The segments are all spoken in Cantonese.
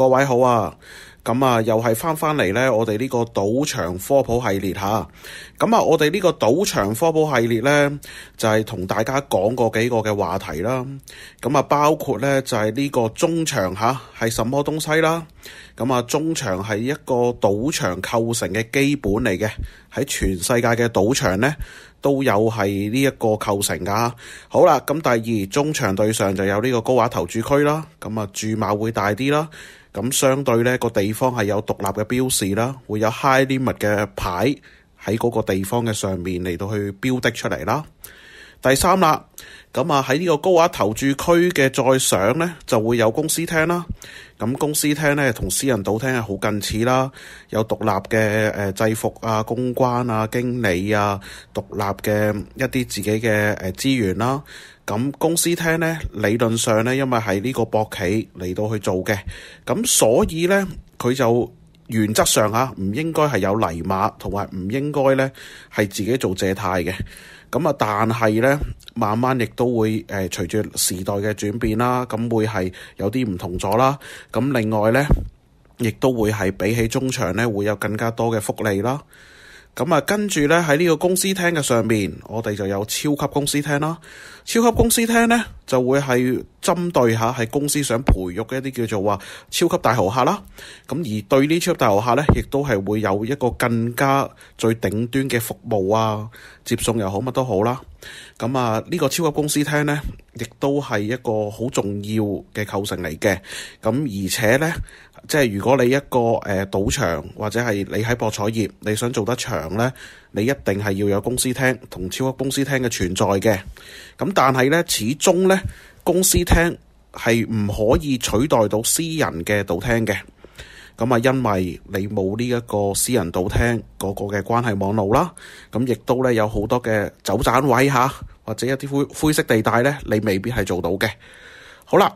各位好啊，咁啊，又係翻返嚟呢。我哋呢個賭場科普系列吓，咁啊，我哋呢個賭場科普系列呢，就係、是、同大家講過幾個嘅話題啦。咁啊，包括呢，就係、是、呢個中場吓係、啊、乜東西啦。咁啊，中場係一個賭場構成嘅基本嚟嘅，喺全世界嘅賭場呢，都有係呢一個構成噶。好啦，咁、啊、第二中場對上就有呢個高瓦投注區啦。咁啊，注碼會大啲啦。咁相對呢，個地方係有獨立嘅標示啦，會有 high limit 嘅牌喺嗰個地方嘅上面嚟到去標的出嚟啦。第三啦。咁啊，喺呢個高額投注區嘅再上呢，就會有公司廳啦。咁公司廳呢，同私人賭廳係好近似啦。有獨立嘅誒、呃、制服啊、公關啊、經理啊，獨立嘅一啲自己嘅誒資源啦。咁公司廳呢，理論上呢，因為係呢個博企嚟到去做嘅，咁所以呢，佢就原則上吓、啊、唔應該係有泥碼，同埋唔應該呢係自己做借貸嘅。咁啊，但係咧，慢慢亦都會誒、呃，隨住時代嘅轉變啦，咁會係有啲唔同咗啦。咁另外咧，亦都會係比起中場咧，會有更加多嘅福利啦。咁啊，跟住咧，喺呢個公司廳嘅上面，我哋就有超級公司廳啦。超級公司廳咧就會係針對下喺公司想培育嘅一啲叫做話超級大豪客啦。咁而對呢超級大豪客咧，亦都係會有一個更加最頂端嘅服務啊，接送又好，乜都好啦。咁啊，呢個超級公司廳咧，亦都係一個好重要嘅構成嚟嘅。咁而且咧。即係如果你一個誒、呃、賭場或者係你喺博彩業，你想做得長咧，你一定係要有公司廳同超級公司廳嘅存在嘅。咁但係咧，始終咧公司廳係唔可以取代到私人嘅賭廳嘅。咁啊，因為你冇呢一個私人賭廳的個個嘅關係網絡啦。咁亦都咧有好多嘅走盞位嚇，或者一啲灰灰色地帶咧，你未必係做到嘅。好啦。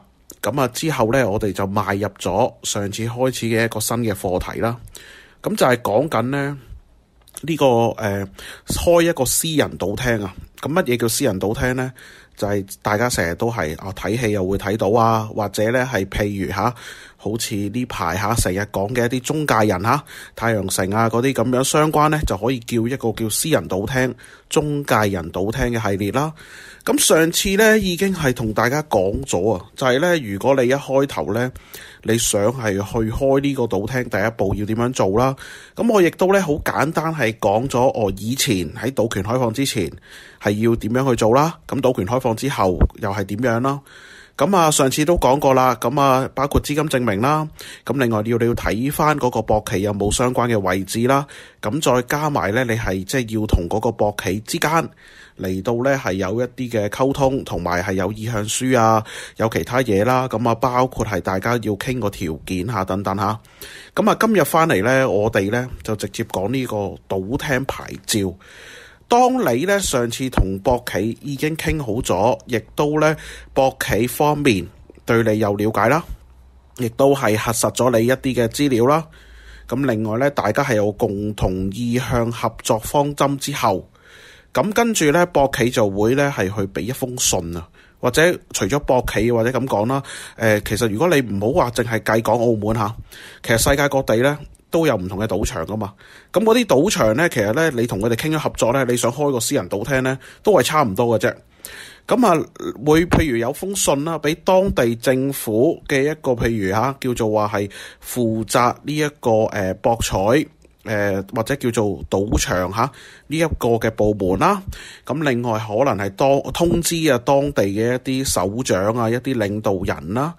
咁啊，之後呢，我哋就邁入咗上次開始嘅一個新嘅課題啦。咁就係講緊呢呢個誒、呃、開一個私人賭廳啊。咁乜嘢叫私人賭廳呢？就係、是、大家成日都係啊睇戲又會睇到啊，或者呢係譬如嚇、啊，好似呢排嚇成日講嘅一啲中介人嚇、啊，太陽城啊嗰啲咁樣相關呢，就可以叫一個叫私人賭廳、中介人賭廳嘅系列啦。咁上次呢已經係同大家講咗啊，就係呢，如果你一開頭呢，你想係去開呢個賭廳，第一步要點樣做啦？咁我亦都呢，好簡單係講咗，我以前喺賭權開放之前係要點樣去做啦？咁賭權開放之後又係點樣啦？咁啊上次都講過啦，咁啊包括資金證明啦，咁另外要你要睇翻嗰個博企有冇相關嘅位置啦，咁再加埋呢，你係即係要同嗰個博企之間。嚟到呢係有一啲嘅溝通，同埋係有意向書啊，有其他嘢啦。咁啊，包括係大家要傾個條件嚇，等等嚇。咁啊，今日返嚟呢，我哋呢就直接講呢個賭廳牌照。當你呢上次同博企已經傾好咗，亦都呢博企方面對你有了解啦，亦都係核實咗你一啲嘅資料啦。咁另外呢，大家係有共同意向合作方針之後。咁跟住咧，博企就會咧係去俾一封信啊，或者除咗博企，或者咁講啦，誒、呃，其實如果你唔好話淨係計講澳門吓、啊，其實世界各地咧都有唔同嘅賭場噶嘛。咁嗰啲賭場咧，其實咧你同佢哋傾咗合作咧，你想開個私人賭廳咧，都係差唔多嘅啫。咁啊，會譬如有封信啦、啊，俾當地政府嘅一個譬如嚇、啊，叫做話係負責呢、這、一個誒、呃、博彩。誒或者叫做賭場嚇呢一個嘅部門啦，咁、啊、另外可能係當通知啊，當地嘅一啲首長啊，一啲領導人啦，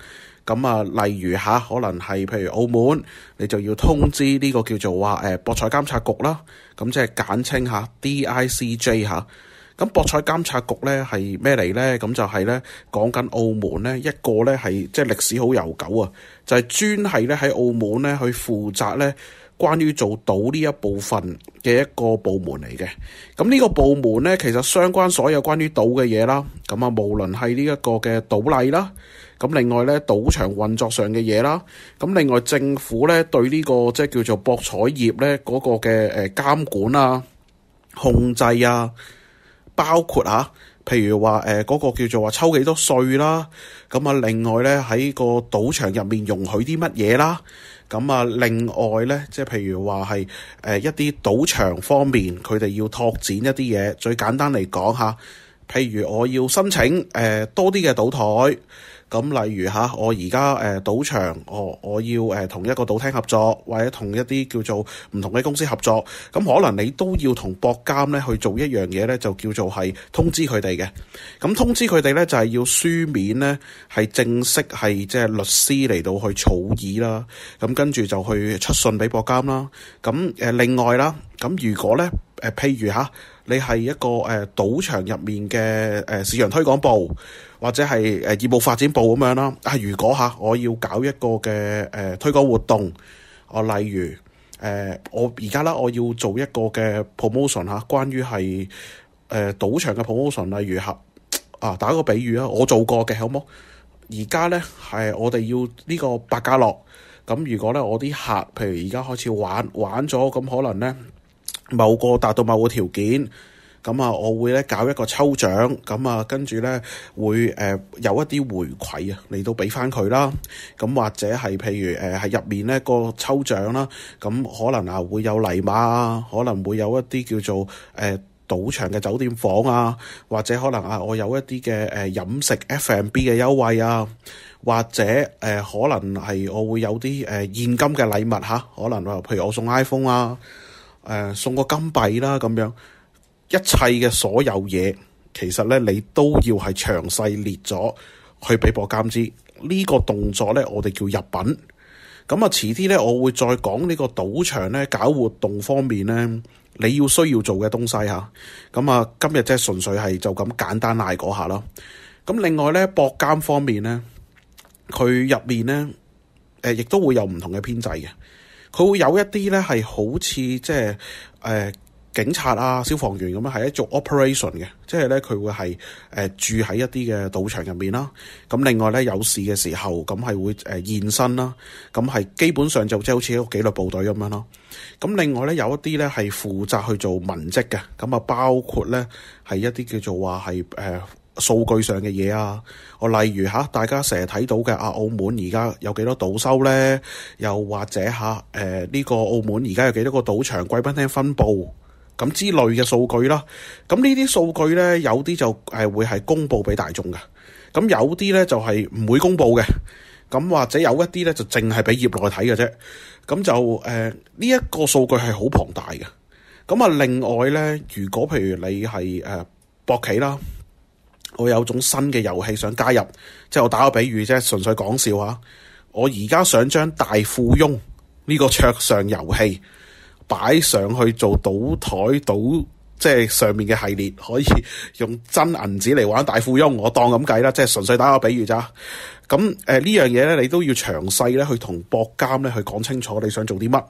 咁啊例如嚇、啊、可能係譬如澳門，你就要通知呢個叫做話誒、啊、博彩監察局啦，咁、啊、即係簡稱嚇 DICJ 嚇、啊。咁博彩監察局咧係咩嚟咧？咁就係咧講緊澳門咧一個咧係即係歷史好悠久啊，就係、是、專係咧喺澳門咧去負責咧。關於做賭呢一部分嘅一個部門嚟嘅，咁呢個部門呢，其實相關所有關於賭嘅嘢啦，咁啊，無論係呢一個嘅賭例啦，咁另外呢賭場運作上嘅嘢啦，咁另外政府呢，對呢個即係叫做博彩業呢嗰個嘅誒監管啊、控制啊，包括啊，譬如話誒嗰個叫做話抽幾多稅啦，咁啊，另外呢，喺個賭場入面容許啲乜嘢啦？咁啊，另外咧，即係譬如話係誒一啲賭場方面，佢哋要拓展一啲嘢。最簡單嚟講吓，譬如我要申請誒多啲嘅賭枱。咁例如嚇，我而家誒賭場，我我要誒同一個賭廳合作，或者同一啲叫做唔同嘅公司合作，咁可能你都要同博監咧去做一樣嘢咧，就叫做係通知佢哋嘅。咁通知佢哋咧就係要書面咧，係正式係即係律師嚟到去草擬啦，咁跟住就去出信俾博監啦。咁誒另外啦，咁如果咧誒譬如嚇你係一個誒賭場入面嘅誒市場推廣部。或者係誒業務發展部咁樣啦，係如果嚇我要搞一個嘅誒推廣活動，啊，例如誒、呃、我而家啦，我要做一個嘅 promotion 嚇，關於係誒、呃、賭場嘅 promotion，例如客啊，打一個比喻啊，我做過嘅好冇，而家咧係我哋要呢個百家樂，咁如果咧我啲客，譬如而家開始玩玩咗，咁可能咧某個達到某個條件。咁啊，我會咧搞一個抽獎，咁啊，跟住咧會誒、呃、有一啲回饋、呃、啊，嚟到俾翻佢啦。咁或者係譬如誒喺入面咧個抽獎啦，咁可能啊會有禮物啊，可能會有一啲叫做誒、呃、賭場嘅酒店房啊，或者可能啊我有一啲嘅誒飲食 F&B 嘅優惠啊，或者誒、呃、可能係我會有啲誒、呃、現金嘅禮物吓。可能、啊、譬如我送 iPhone 啊，誒、呃、送個金幣啦咁樣。一切嘅所有嘢，其實咧你都要係詳細列咗去俾博監知。呢、這個動作咧，我哋叫入品。咁啊，遲啲咧，我會再講呢個賭場咧搞活動方面咧，你要需要做嘅東西嚇。咁啊，今日即係純粹係就咁簡單嗌嗰下咯。咁、啊、另外咧，博監方面咧，佢入面咧，誒、呃、亦都會有唔同嘅編制嘅。佢會有一啲咧係好似即係誒。呃警察啊，消防員咁樣係一種 operation 嘅，即係咧佢會係誒、呃、住喺一啲嘅賭場入面啦。咁、啊、另外咧有事嘅時候咁係會誒、呃、現身啦。咁、啊、係基本上就即係好似一個紀律部隊咁樣咯。咁、啊、另外咧有一啲咧係負責去做文職嘅，咁啊包括咧係一啲叫做話係誒數據上嘅嘢啊。我、啊、例如吓，大家成日睇到嘅啊，澳門而家有幾多賭收咧？又或者吓，誒、啊、呢、呃呢個澳門而家有幾多個賭場、貴賓廳分佈？咁之類嘅數據啦，咁呢啲數據呢，有啲就係會係公佈俾大眾嘅，咁有啲呢，就係唔會公佈嘅，咁或者有一啲呢，就淨係俾業內睇嘅啫，咁就誒呢一個數據係好龐大嘅，咁啊另外呢，如果譬如你係誒博企啦，我有種新嘅遊戲想加入，即係我打個比喻啫，純粹講笑下，我而家想將大富翁呢個桌上遊戲。擺上去做賭台賭，即係上面嘅系列，可以用真銀紙嚟玩大富翁，我當咁計啦，即係純粹打個比喻咋。咁誒呢樣嘢咧，你都要詳細咧去同博監咧去講清楚你想做啲乜。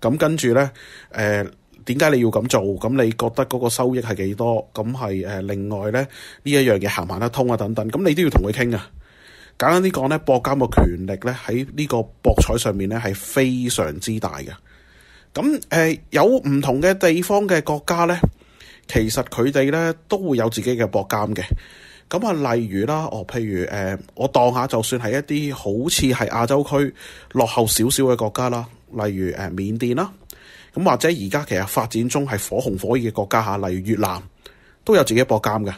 咁跟住咧，誒點解你要咁做？咁你覺得嗰個收益係幾多？咁係誒另外咧呢一樣嘢行唔行得通啊？等等，咁你都要同佢傾啊。簡單啲講咧，博監嘅權力咧喺呢個博彩上面咧係非常之大嘅。咁誒、呃，有唔同嘅地方嘅國家咧，其實佢哋咧都會有自己嘅博監嘅。咁啊，例如啦，哦、呃，譬如誒、呃，我當下就算係一啲好似係亞洲區落後少少嘅國家啦，例如誒緬、呃、甸啦，咁或者而家其實發展中係火紅火熱嘅國家吓、啊，例如越南都有自己嘅博監嘅。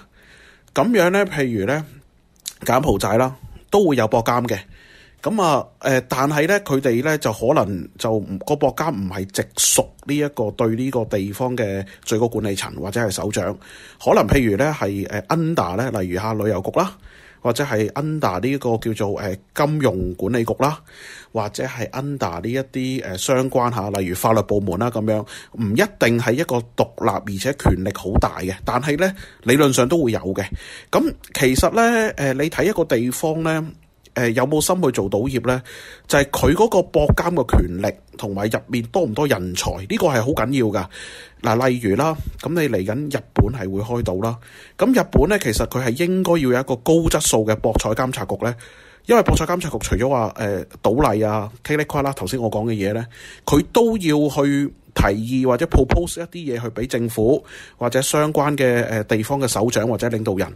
咁樣咧，譬如咧柬埔寨啦，都會有博監嘅。咁啊，誒，但係咧，佢哋咧就可能就唔個國家唔係直屬呢一個對呢個地方嘅最高管理層或者係首長，可能譬如咧係誒 under 咧，例如下旅遊局啦，或者係 under 呢個叫做誒金融管理局啦，或者係 under 呢一啲誒相關下，例如法律部門啦咁樣，唔一定係一個獨立而且權力好大嘅，但係咧理論上都會有嘅。咁其實咧，誒你睇一個地方咧。誒有冇心去做賭業呢？就係佢嗰個博監嘅權力同埋入面多唔多人才呢個係好緊要㗎嗱。例如啦，咁你嚟緊日本係會開到啦。咁日本呢，其實佢係應該要有一個高質素嘅博彩監察局呢。因為博彩監察局除咗話誒賭例啊、kick the car 啦，頭先我講嘅嘢呢，佢都要去提議或者 propose 一啲嘢去畀政府或者相關嘅誒地方嘅首長或者領導人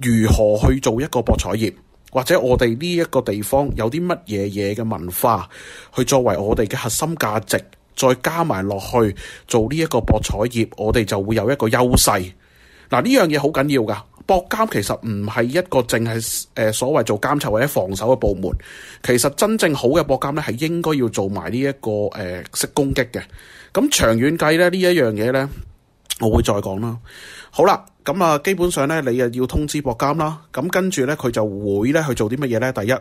如何去做一個博彩業。或者我哋呢一個地方有啲乜嘢嘢嘅文化，去作為我哋嘅核心價值，再加埋落去做呢一個博彩業，我哋就會有一個優勢。嗱，呢樣嘢好緊要噶。博監其實唔係一個淨係誒所謂做監察或者防守嘅部門，其實真正好嘅博監咧係應該要做埋呢一個誒識、呃、攻擊嘅。咁長遠計咧，呢一樣嘢咧。我會再講啦。好啦，咁啊，基本上咧，你就要通知博監啦。咁跟住咧，佢就會咧去做啲乜嘢咧？第一，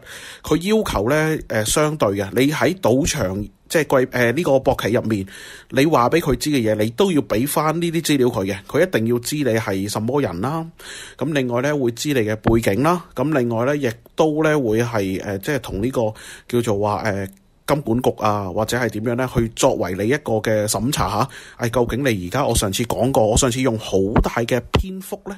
佢要求咧，誒、呃，相對嘅，你喺賭場即係貴誒呢、呃，這個博企入面，你話俾佢知嘅嘢，你都要俾翻呢啲資料佢嘅。佢一定要知你係什麼人啦。咁另外咧會知你嘅背景啦。咁另外咧亦都咧會係誒、呃，即係同呢個叫做話誒。呃金管局啊，或者係點樣咧，去作為你一個嘅審查吓，係、啊、究竟你而家我上次講過，我上次用好大嘅篇幅咧，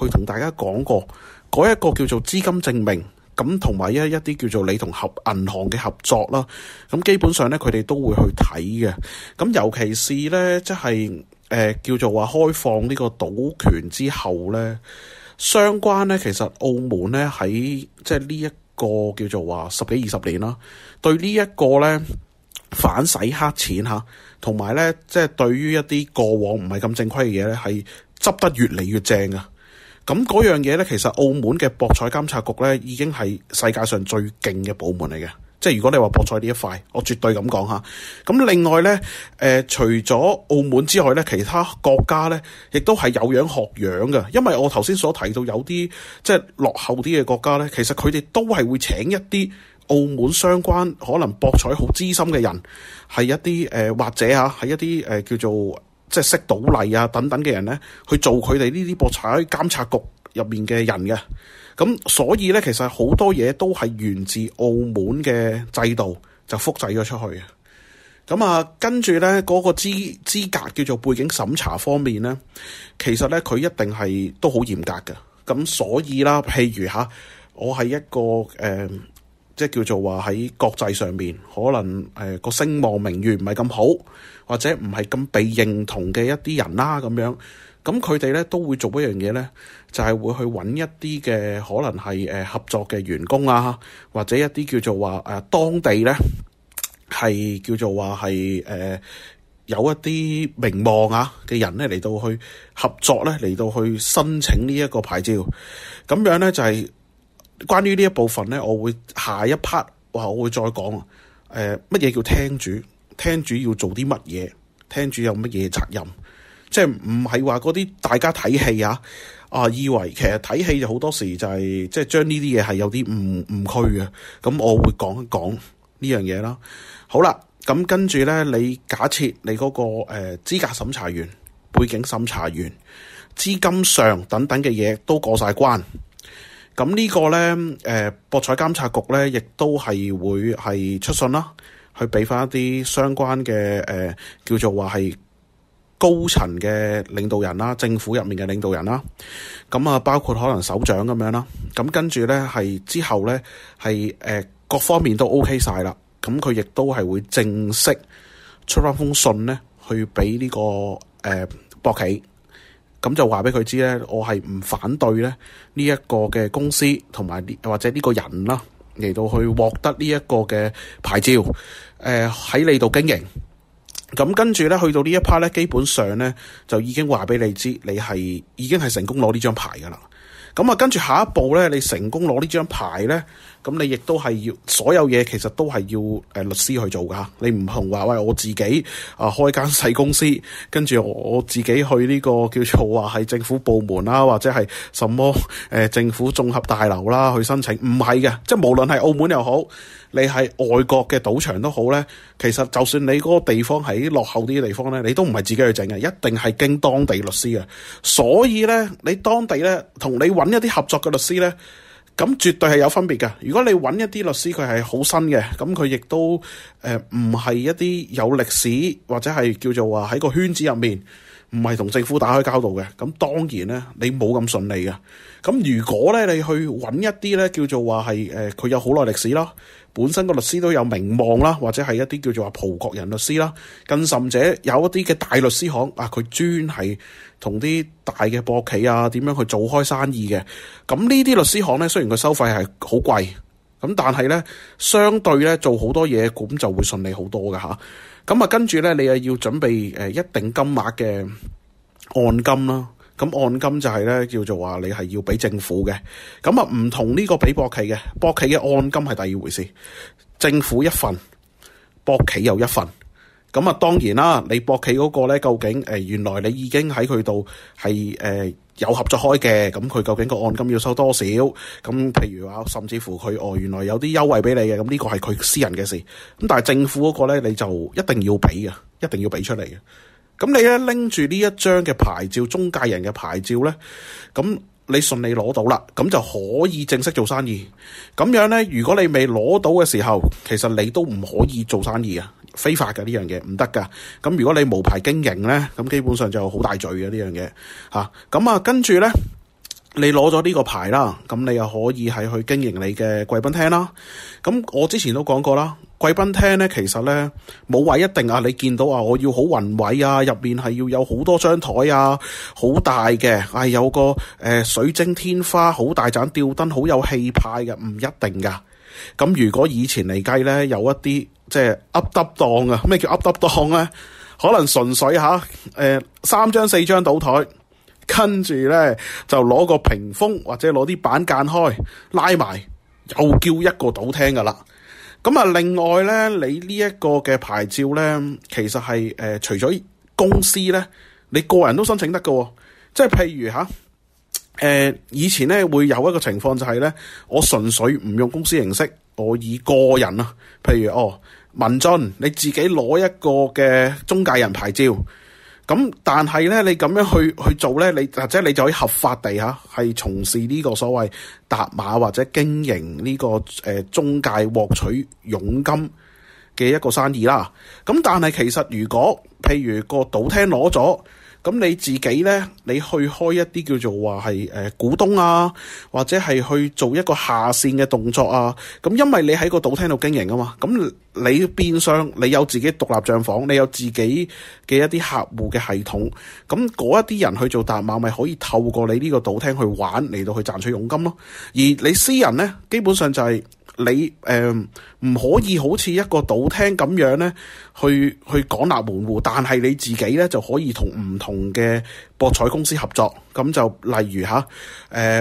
去同大家講過嗰一個叫做資金證明，咁同埋一一啲叫做你同合銀行嘅合作啦，咁、啊、基本上咧，佢哋都會去睇嘅，咁、啊、尤其是咧，即係誒叫做話開放呢個賭權之後咧，相關咧，其實澳門咧喺即係呢一，個叫做話十幾二十年啦，對呢一個咧反洗黑錢吓，同埋咧即係對於一啲過往唔係咁正規嘅嘢咧，係執得越嚟越正啊！咁嗰樣嘢咧，其實澳門嘅博彩監察局咧，已經係世界上最勁嘅部門嚟嘅。即係如果你話博彩呢一塊，我絕對咁講吓。咁另外咧，誒、呃、除咗澳門之外咧，其他國家咧，亦都係有樣學樣㗎。因為我頭先所提到有啲即係落後啲嘅國家咧，其實佢哋都係會請一啲澳門相關可能博彩好資深嘅人，係一啲誒、呃、或者吓、啊，係一啲誒、呃、叫做即係識賭例啊等等嘅人咧，去做佢哋呢啲博彩監察局入面嘅人嘅，咁所以呢，其實好多嘢都係源自澳門嘅制度，就複製咗出去。咁啊，跟住呢嗰個資資格叫做背景審查方面呢，其實呢，佢一定係都好嚴格嘅。咁所以啦，譬如吓，我係一個誒，即係叫做話喺國際上面，可能誒個聲望名譽唔係咁好，或者唔係咁被認同嘅一啲人啦，咁樣。咁佢哋咧都會做一樣嘢咧，就係會去揾一啲嘅可能係誒合作嘅員工啊，或者一啲叫做話誒當地咧係叫做話係誒有一啲名望啊嘅人咧嚟到去合作咧，嚟到去申請呢一個牌照。咁樣咧就係關於呢一部分咧，我會下一 part 話我會再講誒乜嘢叫廳主，廳主要做啲乜嘢，廳主有乜嘢責任。即係唔係話嗰啲大家睇戲啊，啊以為其實睇戲就好多時就係、是、即係將呢啲嘢係有啲誤誤區嘅，咁我會講一講呢樣嘢啦。好啦，咁跟住咧，你假設你嗰、嗰個誒資、呃、格審查員、背景審查員、資金上等等嘅嘢都過晒關，咁呢個咧誒博彩監察局咧亦都係會係出信啦，去俾翻一啲相關嘅誒、呃、叫做話係。高層嘅領導人啦，政府入面嘅領導人啦，咁啊包括可能首長咁樣啦，咁跟住咧係之後咧係誒各方面都 OK 晒啦，咁佢亦都係會正式出翻封信咧，去畀呢個誒博企，咁就話俾佢知咧，我係唔反對咧呢一個嘅公司同埋或者呢個人啦嚟到去獲得呢一個嘅牌照，誒喺你度經營。咁跟住呢，去到呢一 part 呢，基本上呢，就已經話俾你知，你係已經係成功攞呢張牌噶啦。咁啊，跟住下一步呢，你成功攞呢張牌呢，咁你亦都係要所有嘢，其實都係要誒律師去做噶。你唔係話喂，我自己啊開間細公司，跟住我，我自己去呢、呢個叫做話係、啊、政府部門啦、啊，或者係什麼誒、啊、政府綜合大樓啦、啊、去申請，唔係嘅，即係無論係澳門又好。你係外國嘅賭場都好咧，其實就算你嗰個地方喺落後啲地方咧，你都唔係自己去整嘅，一定係經當地律師嘅。所以咧，你當地咧同你揾一啲合作嘅律師咧，咁絕對係有分別嘅。如果你揾一啲律師，佢係好新嘅，咁佢亦都誒唔係一啲有歷史或者係叫做話喺個圈子入面唔係同政府打開交道嘅，咁當然咧你冇咁順利嘅。咁如果咧，你去揾一啲咧，叫做話係誒，佢、呃、有好耐歷史啦，本身個律師都有名望啦，或者係一啲叫做話葡國人律師啦，更甚者有一啲嘅大律師行啊，佢專係同啲大嘅博企啊，點樣去做開生意嘅。咁呢啲律師行咧，雖然佢收費係好貴，咁但係咧，相對咧做好多嘢，咁就會順利好多㗎吓，咁啊，啊，跟住咧，你又要準備誒、呃、一定金額嘅按金啦。啊咁按金就係咧，叫做話你係要俾政府嘅。咁啊，唔同呢個俾博企嘅，博企嘅按金係第二回事。政府一份，博企又一份。咁啊，當然啦，你博企嗰個咧，究竟誒、呃、原來你已經喺佢度係誒有合作開嘅，咁佢究竟個按金要收多少？咁譬如話，甚至乎佢哦，原來有啲優惠俾你嘅，咁呢個係佢私人嘅事。咁但係政府嗰個咧，你就一定要俾嘅，一定要俾出嚟嘅。咁你咧拎住呢一張嘅牌照，中介人嘅牌照咧，咁你順利攞到啦，咁就可以正式做生意。咁樣咧，如果你未攞到嘅時候，其實你都唔可以做生意啊，非法嘅呢樣嘢唔得噶。咁如果你無牌經營咧，咁基本上就好大罪嘅呢樣嘢。吓，咁啊，跟住咧，你攞咗呢個牌啦，咁你又可以喺去經營你嘅貴賓廳啦。咁我之前都講過啦。貴賓廳咧，其實咧冇話一定啊！你見到啊，我要好宏偉啊，入面係要有好多張台啊，好大嘅，唉、哎，有個誒、呃、水晶天花，好大盞吊燈，好有氣派嘅，唔一定噶。咁、啊、如果以前嚟計咧，有一啲即係 up up down 啊，咩叫 up up down 咧？可能純粹吓誒、啊呃、三張四張賭台，跟住咧就攞個屏風或者攞啲板間開拉埋，又叫一個賭廳噶啦。咁啊，另外咧，你呢一個嘅牌照咧，其實係誒、呃，除咗公司咧，你個人都申請得噶、哦，即係譬如吓，誒、啊呃，以前咧會有一個情況就係、是、咧，我純粹唔用公司形式，我以個人啊，譬如哦，文進你自己攞一個嘅中介人牌照。咁但係咧，你咁樣去去做咧，你或者你就可以合法地嚇係、啊、從事呢個所謂疊碼或者經營呢、這個誒、呃、中介獲取佣金嘅一個生意啦。咁但係其實如果譬如個賭廳攞咗。咁你自己呢，你去開一啲叫做話係誒股東啊，或者係去做一個下線嘅動作啊。咁因為你喺個賭廳度經營啊嘛，咁你變相你有自己獨立帳房，你有自己嘅一啲客戶嘅系統，咁嗰一啲人去做大碼咪可以透過你呢個賭廳去玩嚟到去賺取佣金咯、啊。而你私人呢，基本上就係、是。你誒唔、呃、可以好似一個賭廳咁樣咧，去去講立門戶，但係你自己咧就可以同唔同嘅博彩公司合作。咁就例如嚇誒、啊，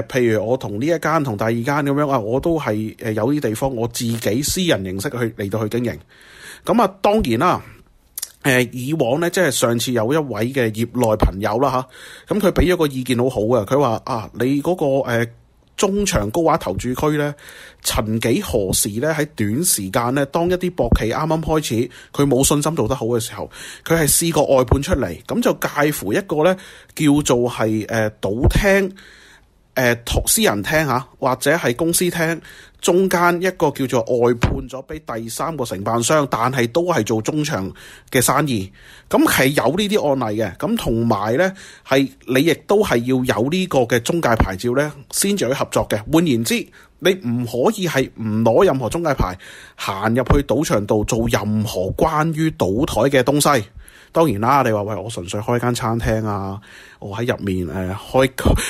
譬如我同呢一間同第二間咁樣啊，我都係誒有啲地方我自己私人形式去嚟到去經營。咁啊，當然啦、啊，誒、啊、以往咧即係上次有一位嘅業內朋友啦嚇，咁佢俾咗個意見好好嘅，佢話啊，你嗰、那個、啊中場高額投注區呢，曾幾何時呢，喺短時間呢，當一啲博企啱啱開始，佢冇信心做得好嘅時候，佢係試過外判出嚟，咁就介乎一個呢，叫做係誒、呃、賭廳。誒託、呃、私人廳嚇，或者係公司廳，中間一個叫做外判咗畀第三個承辦商，但係都係做中場嘅生意。咁係有，有呢啲案例嘅。咁同埋咧，係你亦都係要有呢個嘅中介牌照咧，先至可以合作嘅。換言之，你唔可以係唔攞任何中介牌行入去賭場度做任何關於賭台嘅東西。當然啦，你話喂，我純粹開間餐廳啊，我喺入面誒、呃、開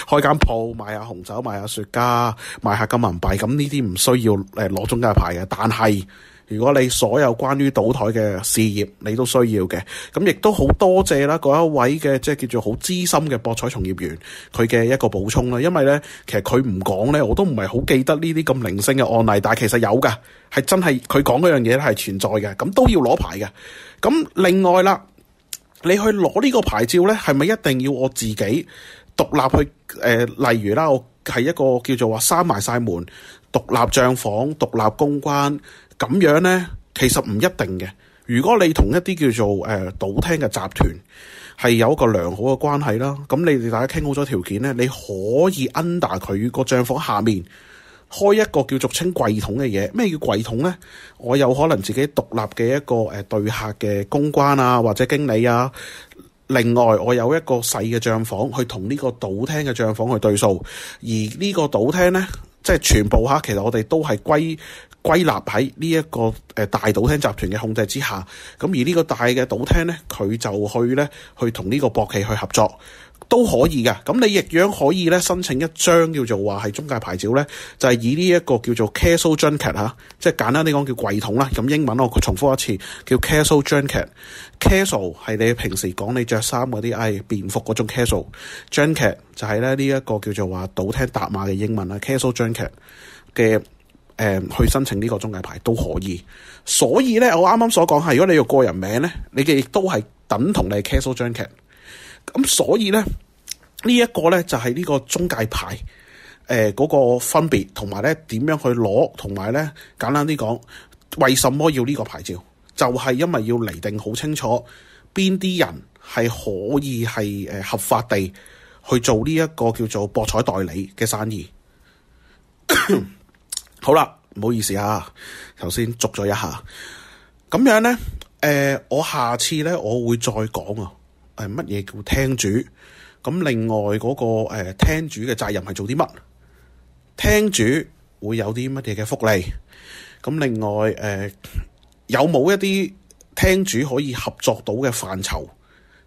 開間鋪賣下紅酒，賣下雪茄，賣下金銀幣，咁，呢啲唔需要誒攞、呃、中介牌嘅。但係如果你所有關於賭台嘅事業，你都需要嘅。咁，亦都好多謝啦，嗰一位嘅即係叫做好資深嘅博彩從業員佢嘅一個補充啦，因為咧其實佢唔講咧，我都唔係好記得呢啲咁零星嘅案例，但係其實有㗎，係真係佢講嗰樣嘢咧係存在嘅，咁都要攞牌嘅。咁另外啦。你去攞呢個牌照呢，係咪一定要我自己獨立去？呃、例如啦，我係一個叫做話閂埋晒門、獨立帳房、獨立公關咁樣呢，其實唔一定嘅。如果你同一啲叫做誒賭廳嘅集團係有一個良好嘅關係啦，咁你哋大家傾好咗條件呢，你可以 under 佢個帳房下面。開一個叫做稱櫃桶嘅嘢，咩叫櫃桶呢？我有可能自己獨立嘅一個誒對客嘅公關啊，或者經理啊。另外，我有一個細嘅賬房去同呢個賭廳嘅賬房去對數，而呢個賭廳呢，即係全部吓，其實我哋都係歸歸納喺呢一個誒大賭廳集團嘅控制之下。咁而呢個大嘅賭廳呢，佢就去呢，去同呢個博企去合作。都可以嘅，咁你亦樣可以咧申請一張叫做話係中介牌照咧，就係、是、以呢一個叫做 casual junket 嚇、啊，即係簡單啲講叫櫃桶啦。咁、啊、英文我重複一次，叫 casual junket。casual 係你平時講你着衫嗰啲，哎便服嗰種 casual junket，就係咧呢一個叫做話賭廳搭馬嘅英文啊。casual junket 嘅誒、啊、去申請呢個中介牌都可以，所以咧我啱啱所講係如果你用個人名咧，你嘅亦都係等同你 casual junket。咁所以呢，呢、這、一個呢，就係呢個中介牌，誒、呃、嗰、那個分別，同埋呢點樣去攞，同埋呢簡單啲講，為什麼要呢個牌照？就係、是、因為要釐定好清楚邊啲人係可以係誒、呃、合法地去做呢、這、一個叫做博彩代理嘅生意。 好啦，唔好意思啊，頭先捉咗一下，咁樣呢，誒、呃、我下次呢，我會再講啊。誒，乜嘢叫廳主？咁另外嗰、那個誒廳主嘅責任係做啲乜？廳主會有啲乜嘢嘅福利？咁另外誒、呃，有冇一啲廳主可以合作到嘅範疇？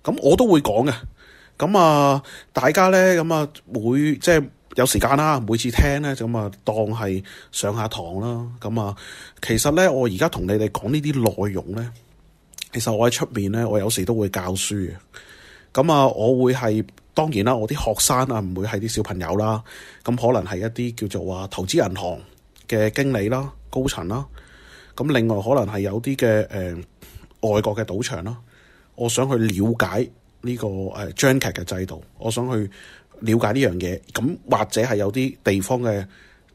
咁我都會講嘅。咁啊，大家咧咁啊，每即係、就是、有時間啦，每次聽咧就咁啊，當係上下堂啦。咁啊，其實咧，我而家同你哋講呢啲內容咧。其實我喺出面呢，我有時都會教書嘅。咁啊，我會係當然啦，我啲學生啊，唔會係啲小朋友啦。咁可能係一啲叫做話投資銀行嘅經理啦、高層啦。咁另外可能係有啲嘅誒外國嘅賭場啦，我想去了解呢個誒張劇嘅制度，我想去了解呢樣嘢。咁或者係有啲地方嘅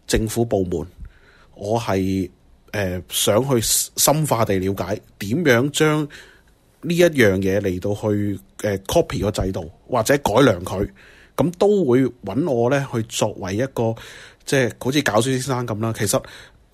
政府部門，我係。誒、呃，想去深化地了解點樣將呢一樣嘢嚟到去誒、呃、copy 個制度或者改良佢，咁都會揾我咧去作為一個即係好似教書先生咁啦。其實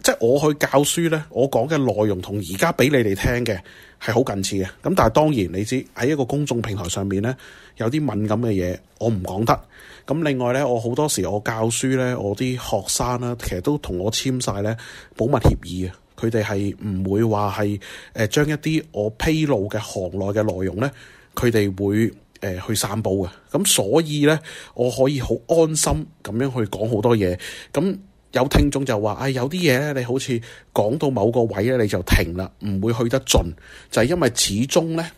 即係我去教書咧，我講嘅內容同而家俾你哋聽嘅。係好近似嘅，咁但係當然你知喺一個公眾平台上面呢，有啲敏感嘅嘢我唔講得。咁另外呢，我好多時我教書呢，我啲學生呢，其實都同我簽晒呢保密協議啊。佢哋係唔會話係誒將一啲我披露嘅行內嘅內容呢，佢哋會誒、呃、去散佈嘅。咁所以呢，我可以好安心咁樣去講好多嘢。咁、嗯有聽眾就話，唉，有啲嘢咧，你好似講到某個位咧，你就停啦，唔會去得盡，就係因為始終咧，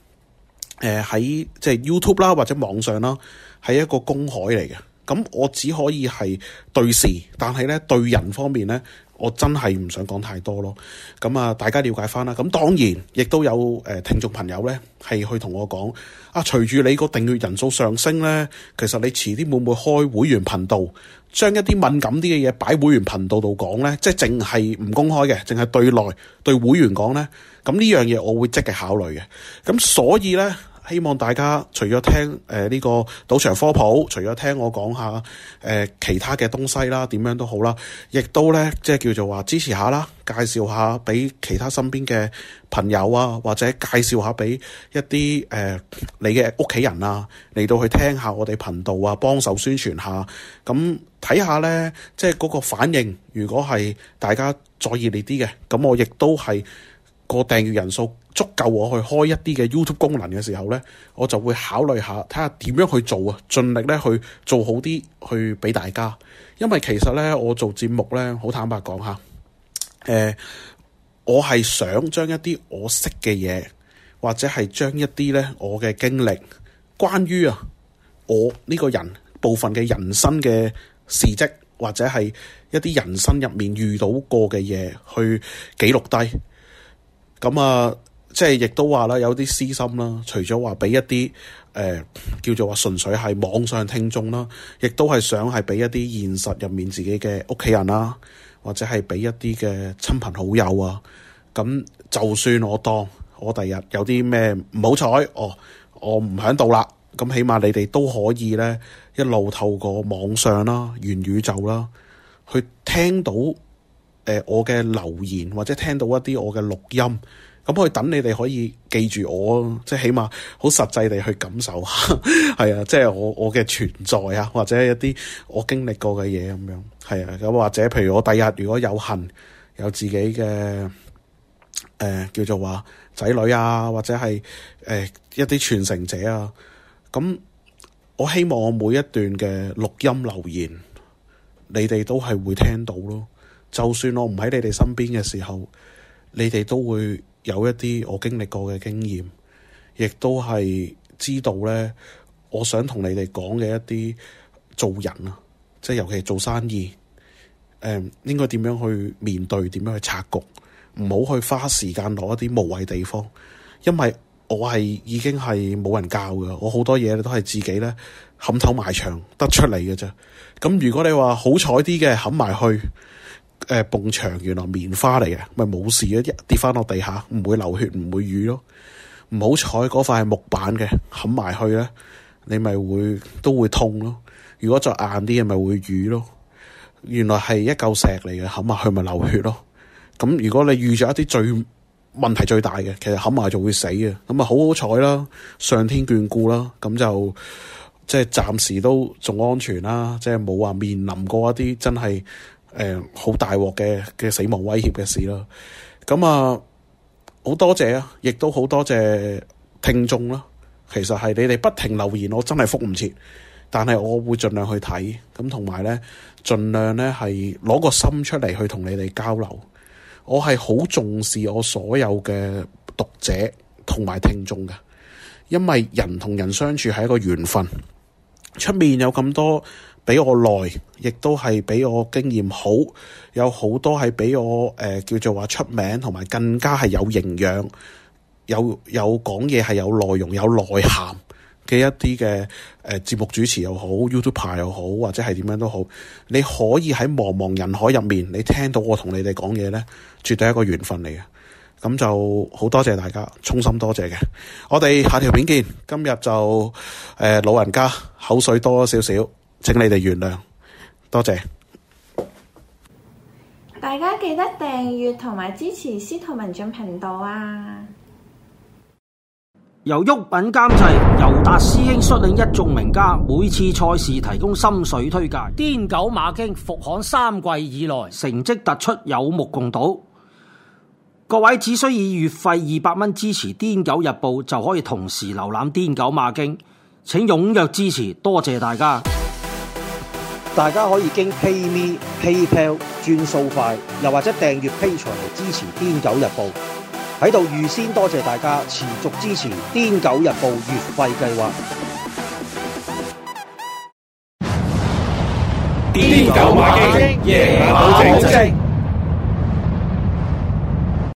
誒喺即係 YouTube 啦，或者網上啦，係一個公海嚟嘅，咁我只可以係對事，但係咧對人方面咧。我真係唔想講太多咯，咁啊大家了解翻啦。咁當然亦都有誒聽眾朋友咧，係去同我講啊。隨住你個訂閱人數上升咧，其實你遲啲會唔會開會員頻道，將一啲敏感啲嘅嘢擺會員頻道度講咧，即係淨係唔公開嘅，淨係對內對會員講咧。咁呢樣嘢我會積極考慮嘅。咁所以咧。希望大家除咗聽誒呢、呃這個賭場科普，除咗聽我講下誒、呃、其他嘅東西啦，點樣都好啦，亦都咧即係叫做話支持下啦，介紹下俾其他身邊嘅朋友啊，或者介紹下俾一啲誒、呃、你嘅屋企人啊嚟到去聽下我哋頻道啊，幫手宣傳下，咁睇下咧即係嗰個反應。如果係大家再熱烈啲嘅，咁我亦都係個訂閱人數。足夠我去開一啲嘅 YouTube 功能嘅時候呢，我就會考慮下，睇下點樣去做啊，盡力呢去做好啲，去畀大家。因為其實呢，我做節目呢，好坦白講下誒、呃，我係想將一啲我識嘅嘢，或者係將一啲呢我嘅經歷，關於啊我呢個人部分嘅人生嘅事跡，或者係一啲人生入面遇到過嘅嘢，去記錄低。咁啊～即係亦都話啦，有啲私心啦。除咗話畀一啲誒、呃、叫做話純粹係網上聽眾啦，亦都係想係畀一啲現實入面自己嘅屋企人啦，或者係畀一啲嘅親朋好友啊。咁就算我當我第日有啲咩唔好彩哦，我唔響度啦，咁起碼你哋都可以咧一路透過網上啦、元宇宙啦去聽到誒、呃、我嘅留言，或者聽到一啲我嘅錄音。咁佢等你哋可以記住我咯，即係起碼好實際地去感受下，係 啊，即係我我嘅存在啊，或者一啲我經歷過嘅嘢咁樣，係啊。咁或者譬如我第日如果有幸有自己嘅誒、呃、叫做話仔女啊，或者係誒、呃、一啲傳承者啊，咁我希望我每一段嘅錄音留言，你哋都係會聽到咯。就算我唔喺你哋身邊嘅時候，你哋都會。有一啲我經歷過嘅經驗，亦都係知道咧，我想同你哋講嘅一啲做人啊，即係尤其做生意，誒、嗯、應該點樣去面對，點樣去拆局，唔好去花時間攞一啲無謂地方，因為我係已經係冇人教嘅，我好多嘢都係自己咧冚頭埋牆得出嚟嘅啫。咁如果你話好彩啲嘅冚埋去。誒，崩牆、呃、原來棉花嚟嘅，咪冇事咯，一跌翻落地下唔會流血，唔會瘀咯。唔好彩嗰塊係木板嘅，冚埋去咧，你咪會都會痛咯。如果再硬啲嘅咪會瘀咯。原來係一嚿石嚟嘅，冚埋去咪流血咯。咁如果你遇着一啲最問題最大嘅，其實冚埋就會死嘅。咁啊，好好彩啦，上天眷顧啦，咁就即係暫時都仲安全啦，即係冇話面臨過一啲真係。誒，好、呃、大鑊嘅嘅死亡威脅嘅事啦，咁、嗯、啊好多謝啊，亦都好多謝聽眾啦。其實係你哋不停留言，我真係覆唔切，但係我會盡量去睇，咁同埋咧盡量咧係攞個心出嚟去同你哋交流。我係好重視我所有嘅讀者同埋聽眾噶，因為人同人相處係一個緣分。出面有咁多。俾我耐，亦都係俾我經驗好，有好多係俾我誒、呃、叫做話出名，同埋更加係有營養，有有講嘢係有內容、有內涵嘅一啲嘅誒節目主持又好，YouTuber 又好，或者係點樣都好，你可以喺茫茫人海入面，你聽到我同你哋講嘢咧，絕對係一個緣分嚟嘅。咁就好多謝大家，衷心多謝嘅。我哋下條片見。今日就誒、呃、老人家口水多咗少少。請你哋原諒，多謝大家記得訂閱同埋支持司徒文進頻道啊！由郁品監製，尤達師兄率領一眾名家，每次賽事提供心水推介。癲狗馬經復刊三季以來，成績突出，有目共睹。各位只需以月費二百蚊支持癲狗日報，就可以同時瀏覽癲狗馬經，請踴躍支持，多謝大家。大家可以經 PayMe、PayPal 轉數快，又或者訂閱 Pay 牆嚟支持《癲狗日報》。喺度預先多謝大家持續支持《癲狗日報》月費計劃。癲狗馬